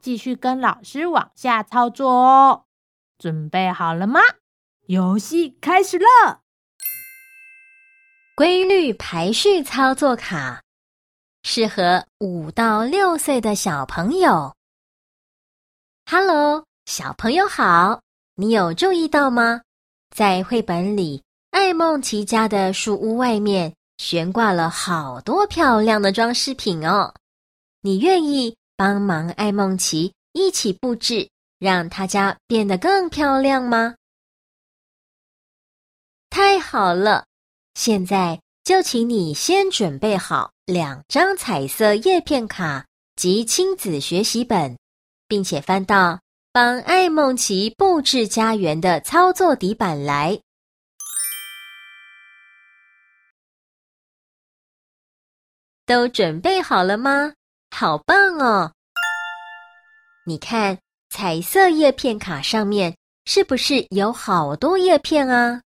繼續跟老師往下操作哦，準備好了嗎？遊戲開始了。規律排序操作卡適合五到六歲的小朋友。Hello，小朋友好，你有注意到嗎？在繪本裡，愛孟奇家的樹屋外面懸掛了好多漂亮的裝飾品哦。你願意？幫忙愛孟奇一起佈置，讓他家變得更漂亮嗎？太好了！現在就請你先準備好兩張彩色葉片卡及親子學習本，並且翻到幫愛孟奇佈置家園的操作底板來。都準備好了嗎？好棒哦！你看彩色葉片卡上面是不是有好多葉片啊？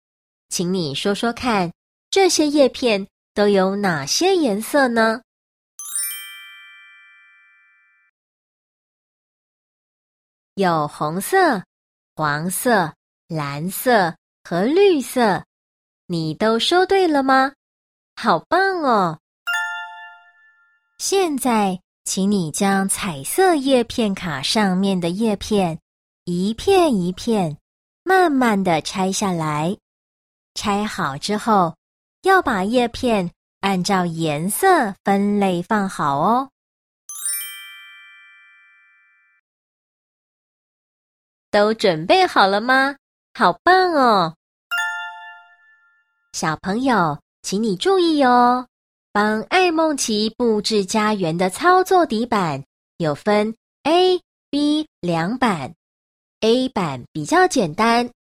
請你說說看，這些葉片都有哪些顏色呢？有紅色、黃色、藍色和綠色。你都說對了嗎？好棒哦！現在。請你將彩色葉片卡上面的葉片一片一片慢慢地拆下來，拆好之後要把葉片按照顏色分類放好哦。都準備好了嗎？好棒哦。小朋友，請你注意哦。幫愛孟奇布置家園的操作底板有分 A、B 兩版，A 版比較簡單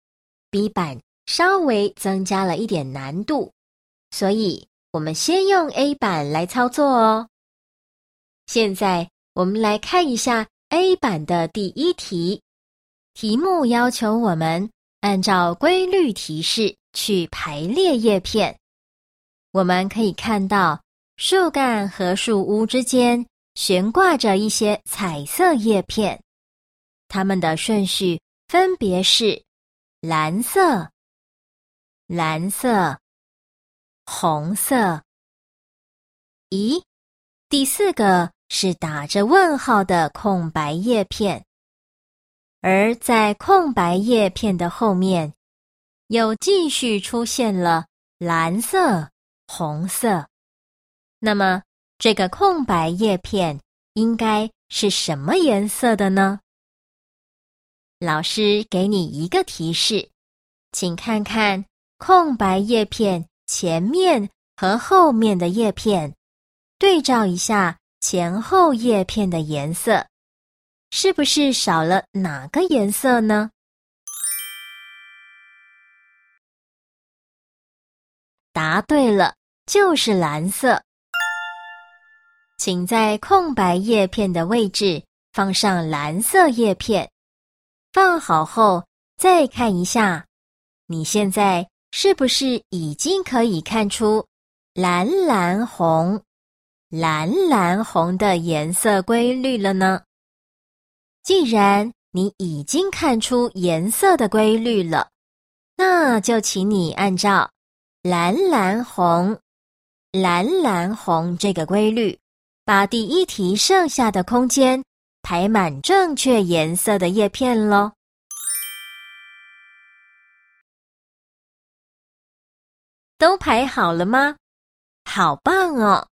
，B 版稍微增加了一點難度，所以我們先用 A 版來操作哦。現在我們來看一下 A 版的第一題，題目要求我們按照規律提示去排列葉片。我們可以看到樹幹和樹屋之間懸掛着一些彩色葉片，它們的順序分別是藍色、藍色、紅色。咦，第四個是打着問號的空白葉片，而在空白葉片的後面又繼續出現了藍色。紅色，那麼這個空白葉片應該是什麼顏色的呢？老師給你一個提示，請看看空白葉片前面和後面的葉片，對照一下前後葉片的顏色，是不是少了哪個顏色呢？答對了。就是藍色，請在空白葉片的位置放上藍色葉片。放好後再看一下，你現在是不是已經可以看出藍藍紅、藍藍紅的顏色規律了呢？既然你已經看出顏色的規律了，那就請你按照藍藍紅。藍藍紅這個規律，把第一題剩下的空間排滿正確顏色的葉片嘍。都排好了嗎？好棒哦！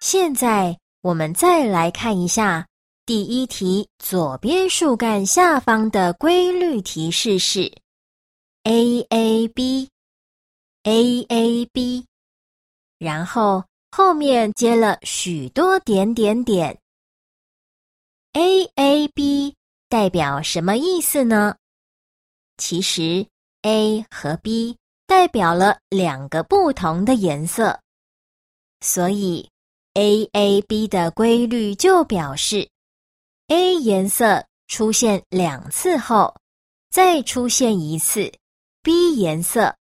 現在我們再來看一下第一題左邊樹幹下方的規律提示是：a a b a a b。AAB, AAB 然後後面接了許多點點點。AAB 代表什麼意思呢？其實 A 和 B 代表了兩個不同的顏色，所以 AAB 的規律就表示 A 顏色出現兩次後，再出現一次 B 顏色，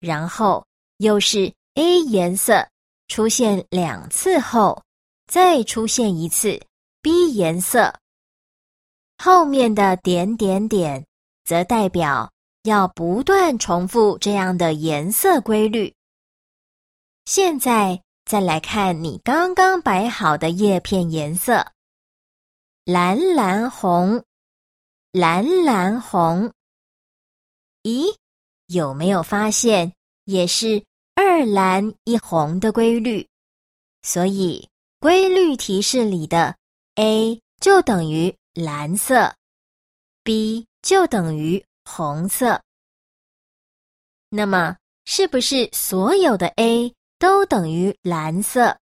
然後又是。A 顏色出現兩次後，再出現一次 B 顏色。後面的點點點，則代表要不斷重複這樣的顏色規律。現在再來看你剛剛擺好的葉片顏色：藍藍紅，藍藍紅。咦，有沒有發現也是？二藍一紅的規律，所以規律提示裡的 A 就等於藍色，B 就等於紅色。那麼，是不是所有的 A 都等於藍色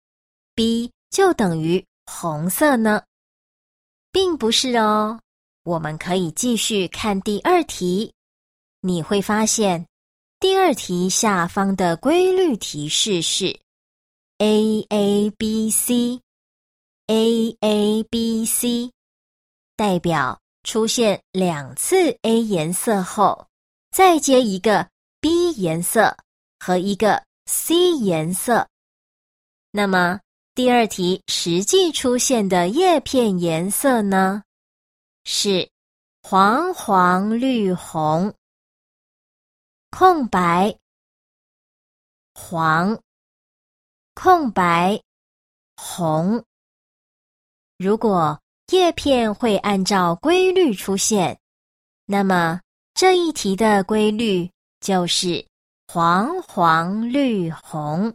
，B 就等於紅色呢？並不是哦，我們可以繼續看第二題，你會發現。第二題下方的規律提示是：A A B C A A B C，代表出現兩次 A 顏色後，再接一個 B 顏色和一個 C 顏色。那麼第二題實際出現的葉片顏色呢？是黃黃綠紅，空白黃，空白紅。如果葉片會按照規律出現，那麼這一題的規律就是黃黃綠紅。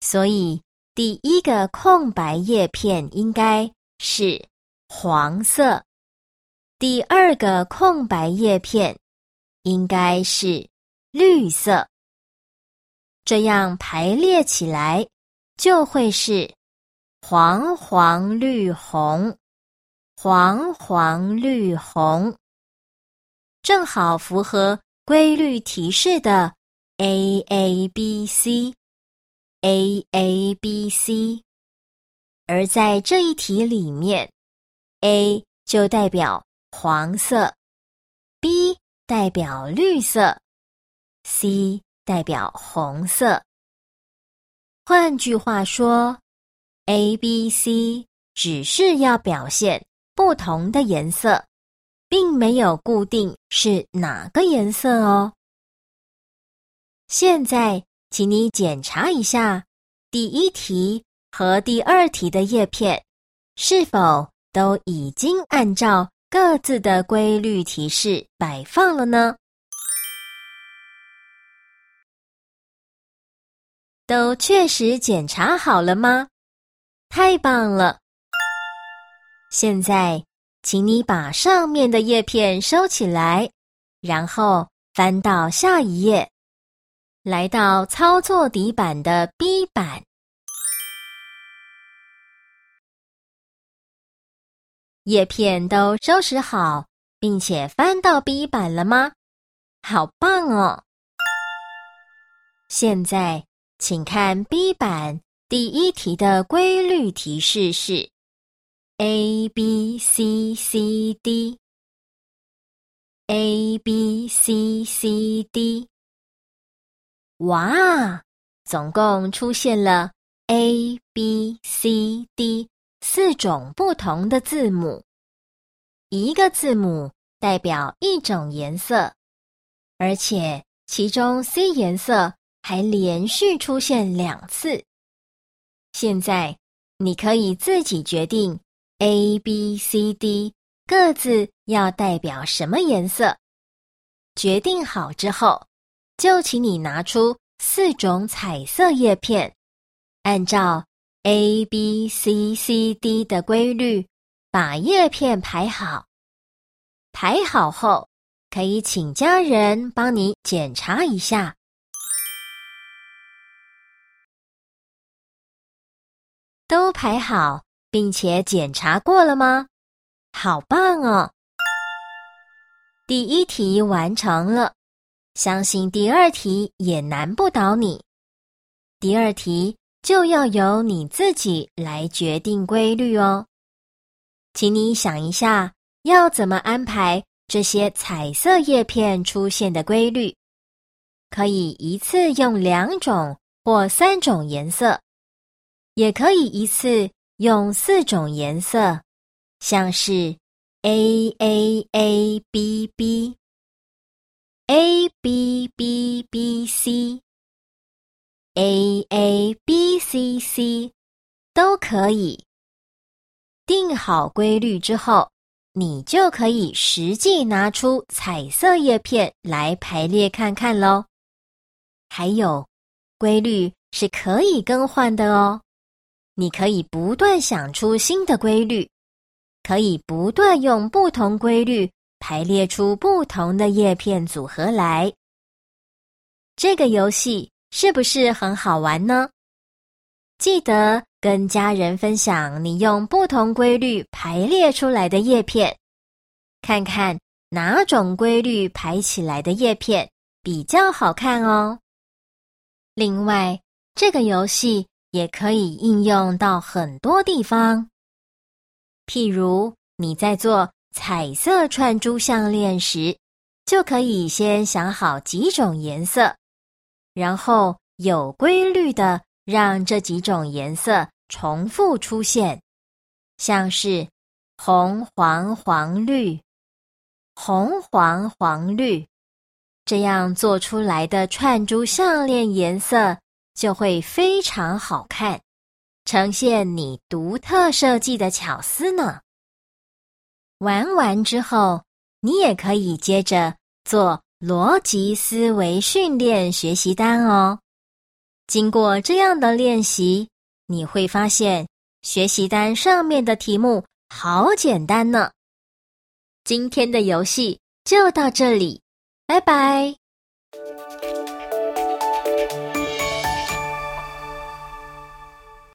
所以第一個空白葉片應該是黃色，第二個空白葉片，應該是綠色，這樣排列起來就會是黃黃綠紅，黃黃綠紅，正好符合規律提示的 A A B C A A B C。而在這一題裡面，A 就代表黃色。代表綠色，C 代表紅色。換句話說，A、B、C 只是要表現不同的顏色，並沒有固定是哪個顏色哦。現在，請你檢查一下第一題和第二題的葉片是否都已經按照。各自的規律提示擺放了呢？都確實檢查好了嗎？太棒了！現在，請你把上面的葉片收起來，然後翻到下一頁，來到操作底板的 B 板。葉片都收拾好，並且翻到 B 版了嗎？好棒哦！現在請看 B 版第一題的規律提示是 A B C C D A B C C D。哇，總共出現了 A B C D。四種不同的字母，一個字母代表一種顏色，而且其中 C 顏色還連續出現兩次。現在你可以自己決定 A、B、C、D 各自要代表什麼顏色。決定好之後，就請你拿出四種彩色葉片，按照 A B C C D 的規律，把葉片排好。排好後，可以請家人幫你檢查一下。都排好並且檢查過了嗎？好棒哦！第一題完成了，相信第二題也難不倒你。第二題。就要由你自己來決定規律哦，請你想一下，要怎麼安排這些彩色葉片出現的規律？可以一次用兩種或三種顏色，也可以一次用四種顏色，像是 A A A B B，A B B B C。A A B C C，都可以。定好規律之後，你就可以實際拿出彩色葉片來排列看看咯。還有，規律是可以更換的哦。你可以不斷想出新的規律，可以不斷用不同規律排列出不同的葉片組合來。這個遊戲，是不是很好玩呢？記得跟家人分享你用不同規律排列出來的葉片，看看哪種規律排起來的葉片比較好看哦。另外，這個遊戲也可以應用到很多地方，譬如你在做彩色串珠項鏈時，就可以先想好幾種顏色。然後有規律的讓這幾種顏色重複出現，像是紅黃黃綠、紅黃黃綠，這樣做出來的串珠項鏈顏色就會非常好看，呈現你獨特設計的巧思呢。玩完之後，你也可以接着做。邏輯思維訓練學習單哦，經過這樣的練習，你會發現學習單上面的題目好簡單呢。今天的遊戲就到這裡，拜拜。